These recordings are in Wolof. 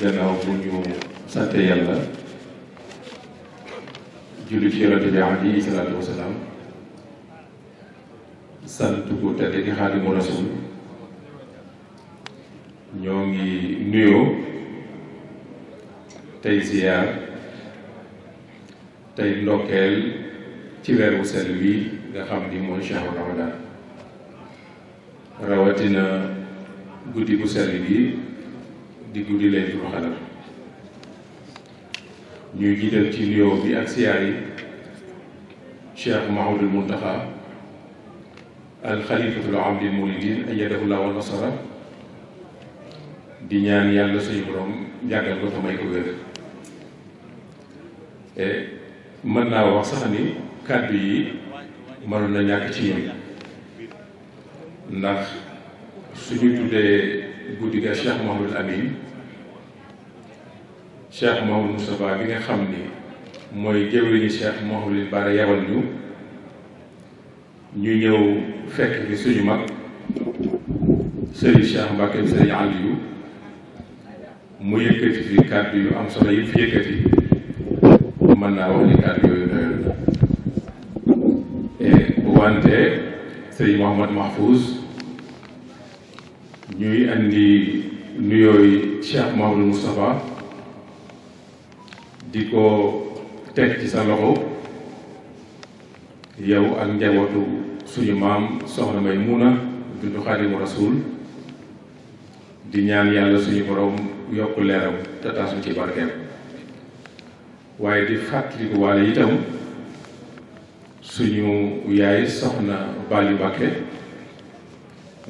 gannaaw bu ñu sante yàlla julli ci yonente bi alayhi salaatu wasalaam sant bu tedd ki xaadimu rasul ñoo ngi nuyoo tey ziyaar tey ndokkeel ci weer wu sell wi nga xam ni mooy shahru rawatina guddi bu sell bi di guddi leen di ko xelal ñuy jiital ci nuyoo bi ak siyaar yi Cheikh Mahmoudul al xalifatul am lil muridin ayyadahu llahu wa nasara di ñaan yàlla suñu borom jàggal ko te may ko e, mën naa wax sax ni kàddu yi mënoon na ñàkk ci ñun ndax suñu tuddee guddi ga Cheikh Mouhamadul Amin Cheikh Mawlid Moustapha gi nga xam ni mooy jëwriñu Cheikh Mawlid Bara yabal ñu ñu ñëw fekk fi suñu mag Serigne Cheikh Mbacke Serigne Aliou mu yëkkati fi kàddu yu am solo yi fi yëkkati mën naa wax ni kàddu yooyu doyul wante Serigne Mouhamad Mahfouz ñuy andi nuyooy Cheikh Mawlid Moustapha di ko teg ci sa loxo yow ak njabootu suñu maam soxna may muuna bintu xaadimu rasuul di ñaan yàlla suñu borom yokk leeram te taasuñ ci barkeem waaye di fàttaliku waale itam suñu yaay soxna Bali Mbàkke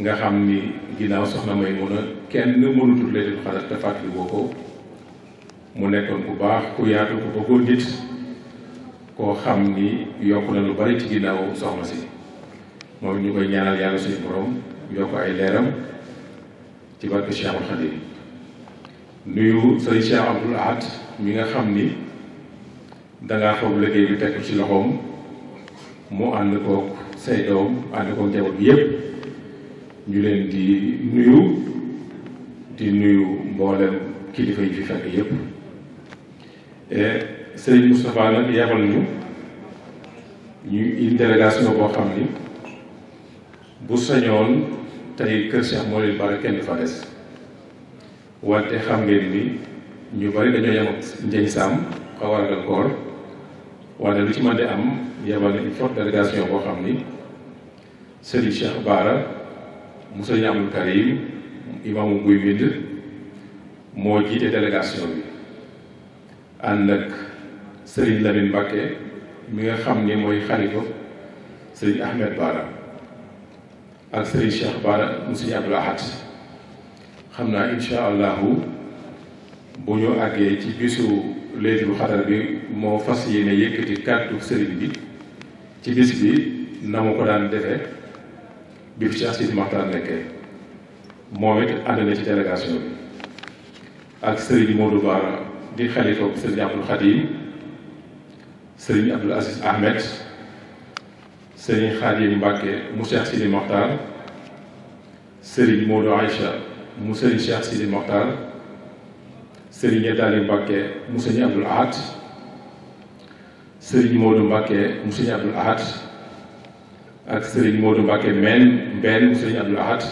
nga xam ni ginnaaw soxna may muuna kenn mënutul leen xalaat te fàttali boo ko mu nekkoon bu baax ku yaatu ku bëggoon nit koo xam ni yokk la lu bari ci ginnaaw soxna si moom ñu koy ñaanal yàlla suñu borom yokk ay leeram ci barke Cheikhul Khadim nuyu sëriñ Cheikh Abdoul Ahad mi nga xam ni dangaa foog liggéey bi teg ci loxoom mu ànd koog say doom ànd koog njaboot bi yépp ñu leen di nuyu di nuyu mboolem kilifa yi fi fekk yépp E Serigne Moustapha nag yebal ñu ñu une boo xam ni bu sañoon tey kër Cheikh moo leen bari kenn fa des wante xam ngeen ni ñu bari dañoo yem ak njëñ saam a ragal koor wante lu ci mën di am yebal na une forte délégation boo xam ni Serigne Cheikh Bara Moussa Niamoul Karim imaamu buy wind moo jiite délégation bi ànd ak Serigne Lamine Mbacke mi nga xam ni mooy xalifa Serigne Ahmed Bara ak Serigne Cheikh Bara mu Serigne Abdou xam naa incha allahu bu ñu àggee ci bisu Laylatul Qadr bi moo fas yéene yëkkati kàddu Serigne bi ci bis bi na ma ko daan defee bi fi Cheikh Sidi Maxtaar nekkee moom it ànd na ci délégation bi ak Serigne Modou Bara di xalifa sëriñ Abdul Xadim sëriñ Abdul Aziz Ahmed sëriñ Xadim Mbàkke mu Cheikh Sidi Moxtar sëriñ Modou mu sëriñ Cheikh Sidi Moxtar sëriñ Yeddaali Mbàkke mu sëriñ Abdul Ahad sëriñ Modou Mbàkke mu sëriñ Abdul Ahad ak sëriñ Modou Mbàkke meen benn mu sëriñ Abdul Ahad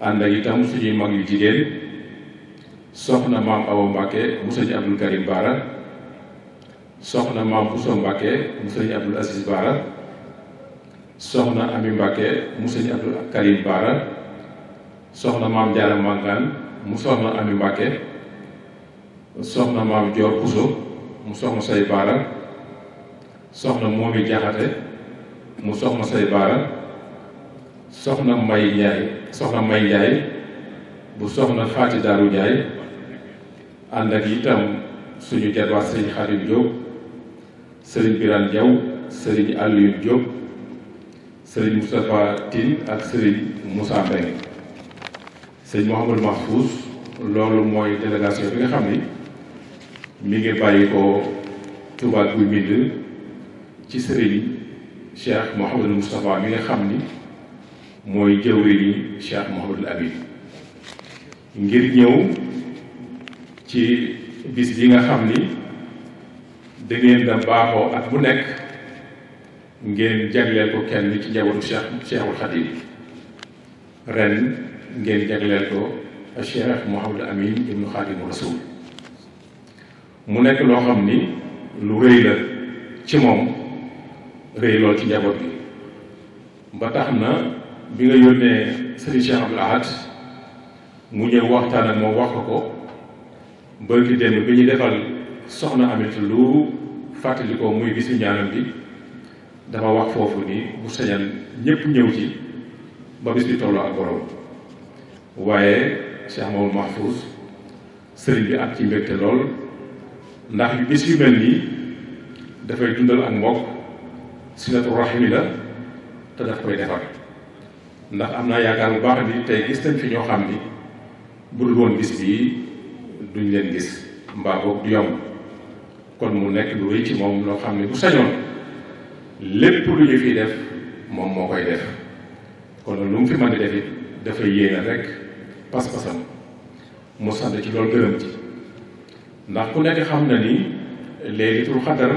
ànd ak itam suñuy mag yu jigéen soxna maam Awa Mbacke mu sëñ Abdul Karim Baara soxna maam Bousso Mbacke mu sëñ Abdul Aziz Baara soxna Ami Mbacke mu sëñ Abdul soxna maam Jaara mu soxna Ami Mbacke soxna maam Joor Bousso mu soxna say Baara soxna Moomi Jaxate mu soxna say Baara soxna May Njaay soxna May Njaay bu soxna Faati Daaru Njaay ànd ak itam suñu jarwaat sëriñ Xadim Diop sëriñ Birane Diaw sëriñ Aliou Diop sëriñ Moustapha Tine ak sëriñ Moussa Mbengue sëriñ Mouhamadou Mahfouz loolu mooy délégation bi nga xam ni mi ngi bàyyi ko Touba Guy Mbind ci sëriñ Cheikh Mouhamadou Moustapha mi nga xam ni mooy jëwriñu Cheikh Mouhamadou Habib ngir ñëw ci bis yi nga xam ni da ngeen da baaxoo at bu nekk ngeen jagleel ko kenn ci njabootu Cheikh Cheikhul Khadim ren ngeen jagleel ko Cheikh Mouhamadou Amine ibnu Khadimu Rasul mu nekk loo xam ni lu rëy la ci moom rëy lool ci njaboot bi ba tax na bi nga yónnee Serigne Cheikh Abdoul mu ñëw waxtaan ak moom wax ko ko bërki démb bi ñu defal soxna amit lu fàttalikoo muy muy bisu ñaanam bi dafa wax foofu ni bu sañal ñépp ñëw ci ba bis bi tolloo ak borom waaye Cheikh Maodo Mahfouz sëriñ bi ak ci mbégte lool ndax bis yu mel nii dafay dundal ak mbokk silatu rahimi la te daf koy defar ndax am naa yaakaar bu baax ni tey gis nañ fi ñoo xam ni bu dul woon bis bii duñ leen gis mbaa boobu du yomb kon mu nekk lu rëy moom loo xam ne bu sañoon lépp lu ñu fi def moom moo koy def kon lu mu fi mën di def it dafa rek pas-pasam mu sant ci loolu gërëm ci ndax ku nekk xam na ni léegi tur xadar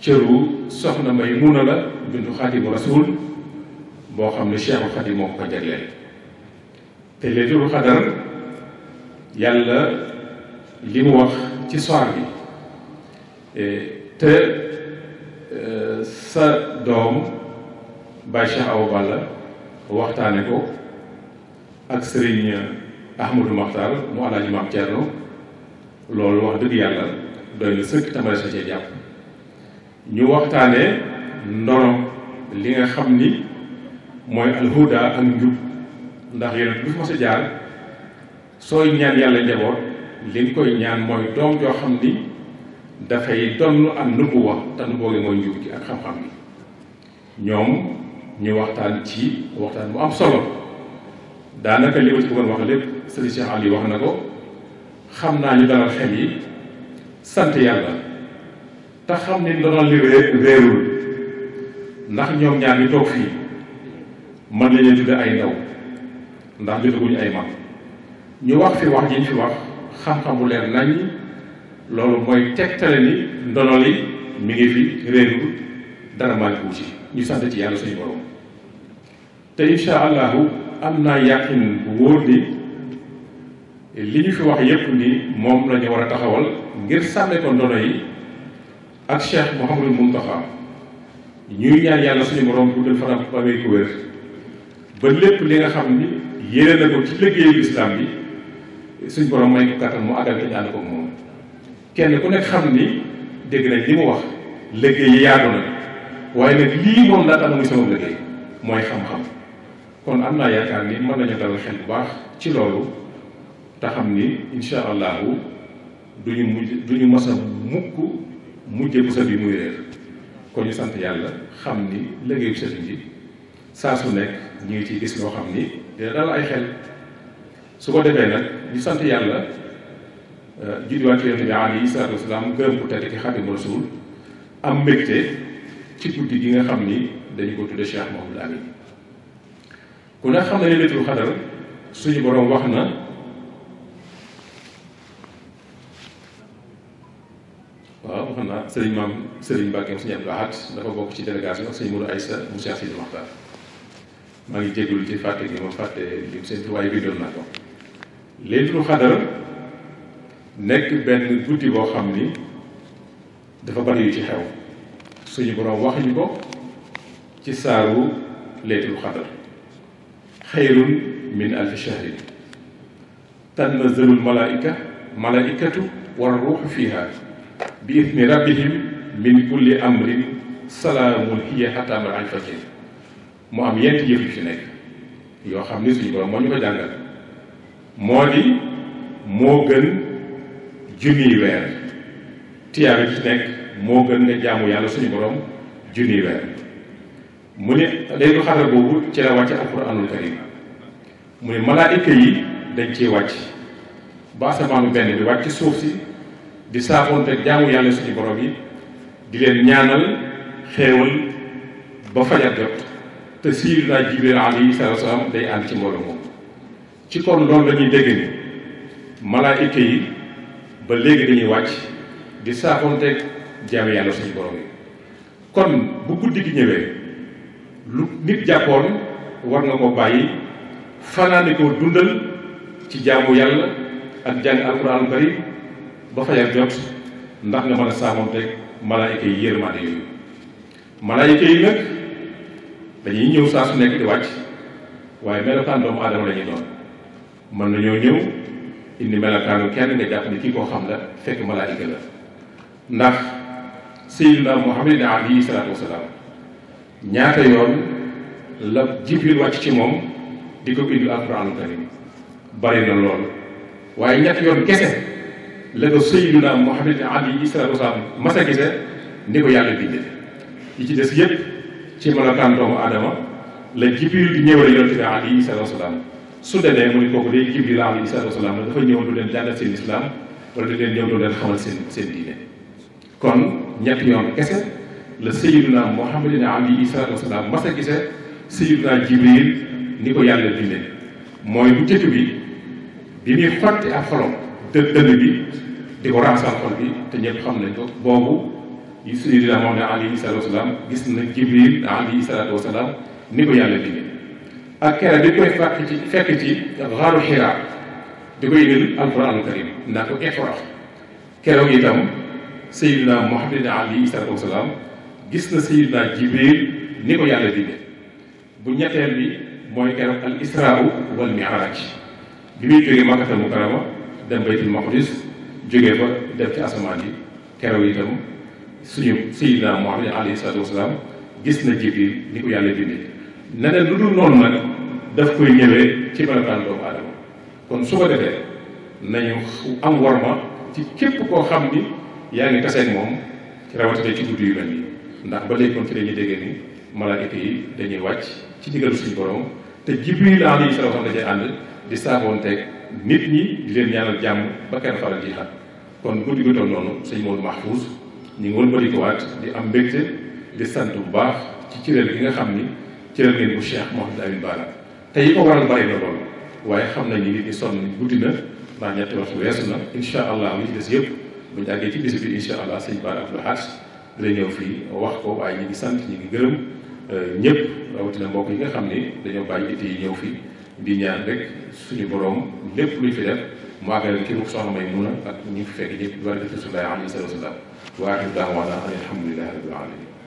cëru soxna may muna la bindu xaatimu rasul boo xam ne Cheikhul Xadim moo ko ko jagleel te léegi tur xadar yàlla li mu wax ci soir bi te euh, sa doom Baye Cheikh Awa Balla waxtaane ko ak sëriñ Ahmadou Makhtar mu Alaaji Maam Cerno loolu wax dëgg yàlla doy sëkk tamale sa cee jàpp ñu waxtaane ndono li nga xam ni mooy alhuda ak njub ndax yonent bi fi ma sa jaar sooy ñaan yàlla njaboot li nga koy ñaan mooy doom joo xam ni dafay donn am nubuwa te nubuwa gi mooy njub gi ak xam-xam bi ñoom ñu waxtaan ci waxtaan bu am solo daanaka li ma wax lépp sëriñ Cheikh Ali wax na ko xam naa ñu dalal xel yi sant yàlla te xam ni ndonal li réerul ndax ñoom ñaar ngi toog fii man la ñuy ay ndaw ndax jotaguñu ay mag ñu wax fi wax ji fi wax xam-xamu leer nañ loolu mooy tegtale ni ndono li mi ngi fi réerul dara manqué ci ñu sant ci yàlla suñu borom te incha allahu am naa yàqin wóor ni li ñu fi wax yépp ni moom la war a taxawal ngir sàmme ko ndono yi ak Cheikh Mouhamadou Mountakha ñuy ñaan yàlla suñu borom guddal fanam ba amee ku ba lépp li nga xam ni yéene na ko ci liggéeyu islam bi. suñ borom may ko kattan mu àggal ñu ànd moom kenn ku nekk xam ni dégg nañ li mu wax liggéey yi yaatu na waaye nag lii moom daa tax muy sama liggéey mooy xam-xam kon am naa yaakaar ni mën nañu dalal xel bu baax ci loolu te xam ni incha allahu duñu mujj duñu mës a mukk mujje bu sa bi muy réer kon ñu sant yàlla xam ni liggéeyu sëriñ bi saa su nekk ñu ngi ciy gis loo xam ni dina dal ay xel su ko defee nag ñu sant yàlla euh, juddiwaat ci yonent bi alayhi salaatu wasalaam am mbégte ci guddi gi nga xam ni dañu ko tudde Cheikh Mouhamadou Amine ku ne xam ne Laylatul Qadr suñu boroom wax na waaw xam naa sëriñ maam sëriñ Mbàkke suñu Abdou Ahad dafa bokk ci délégation ak sëñ Mourou Aïssa mu Cheikh Sidi Mokhtar maa ngi jégalu ci fàtte gi ma fàtte lim seen waaye bindoon naa ko laylatul xadar nekk benn guddi boo xam ni dafa bari yu ci xew suñu boroom wax ñu ko ci saaru laylatul xadar xayrun min alfi shahrin tanazzalu lmalaika malaikatu war ruuxu fiha bi idni rabbihim min kulli amrin salaamun hiya hatta matal fajri mu am yent yëf yu ci nekk yoo xam ni suñu boroom moo ñu ko jàngal moo di moo gën junniy weer tiyaaba ji ci nekk moo gën nga jaamu yàlla suñu borom junniy weer mu ne léegi xadar boobu ci la wàcce alquranul karim mu ne malaayika yi dañ ciy wàcc ba asamaanu benn bi wàcc suuf si di saafoonte jaamu yàlla suñu borom yi di leen ñaanal xéewal ba fajar jot te siir naa jibril alayhi salaam day ànd ci mbooloo moom ci kon loolu la ñuy dégg ni malaayika yi ba léegi dañuy wàcc di saafoonteeg jaame yàlla suñu borom yi kon bu guddi gi ñëwee lu nit jàppoon war nga ko bàyyi fanaane dundal ci jaamu yàlla ak jàng alxuraanu karim ba fajar jot ndax nga mën a saafoonteeg malaayika yi yërmaande yooyu malaayika yi nag dañuy ñëw saa su nekk di wàcc waaye melokaan doomu aadama la doon mën nañoo ñëw indi melakaanu kenn nga jàpp ne kii koo xam la fekk malaayika la ndax sayyidina Muhammad alayhi salaatu wasalaam ñaata yoon la Jibril wàcc ci moom di ko indi alquraanu karim bari na lool waaye ñett yoon kese la ko sayyidina Muhammad alayhi salaatu wasalaam mas a gise ni ko yàlla bindee yi ci des yépp ci melakaan doomu aadama la Jibril di ñëwale yonent bi alayhi salaatu wasalaam su demee mu ni kooku day Jibril alayhi salaatu wasalaam dafa ñëw du leen jàngal seen islam wala du leen ñëw du leen xamal seen seen diine kon ñetti yoon kese la Sayyiduna Muhammadin alayhi salaatu wasalaam mas a gisee Sayyiduna Jibril ni ko yàlla bindee mooy bu njëkk bi bi muy fàtte ak xolom dë dënn bi di ko raasal xol bi te ñëpp xam nañ ko boobu Sayyiduna Muhammad alayhi salaatu wasalaam gis na Jibril alayhi salaatu wasalaam ni ko yàlla bindee ak kere bi koy fàkk ci fekk ci xaaru xiraa di ko yëgal alquran karim ndax ko effort keroog itam sayidina Muhammad alayhi salaatu wasalaam gis na sayidina Jibril ni ko yàlla digle bu ñetteel bi mooy jógee Makkatal Mukarrama dem baytul maqdis jógee fa def ci asamaan yi keroog itam suñu sayidina Muhammad alayhi salaatu wasalaam gis na Jibril ni ko yàlla digle neneen lu dul noonu nag daf koy ñëwee ci melokaan aadama kon su ko defee nañu am warma ci képp koo xam ni yaa ngi taseeg moom ci rawatina ci guddi yu mel nii ndax ba léegi kon ci dañuy déggee ni dañuy wàcc ci ndigalu suñu borom te Jibril alayhi salaam dañuy ànd di saafoonteeg nit ñi di leen ñaanal jàmm ba kenn faral di xat kon guddi gu noonu sëñ Maodo Mahfouz ñu ngi wëlbati ko di am mbégte di sant bu baax ci cëréel gi nga xam ni cëréel ngeen bu Cheikh Mouhamed Amin Bara te yi ko waral bari na lool waaye xam nañ ni nit ñi sonn nañ guddi na ndax ñetti waxtu weesu na incha allah li ci des yëpp buñu àggee ci bis bi allah sëñ Bara Abdou Lahad fii wax ko waaye ñi ngi sant ñi ngi gërëm euh, ñëpp rawatina mbokk yi nga xam ni dañoo bàyyi itti yi ñëw fii di ñaan rek suñu boroom lépp luy fi def mu àggale ki mu soxna may mun a ak ñi fi fekk ñëpp di war a def ci suñu laay am sallallahu alayhi wa sallam wa aaxiru da'waanaa alhamdulillahi rabbil aalamiin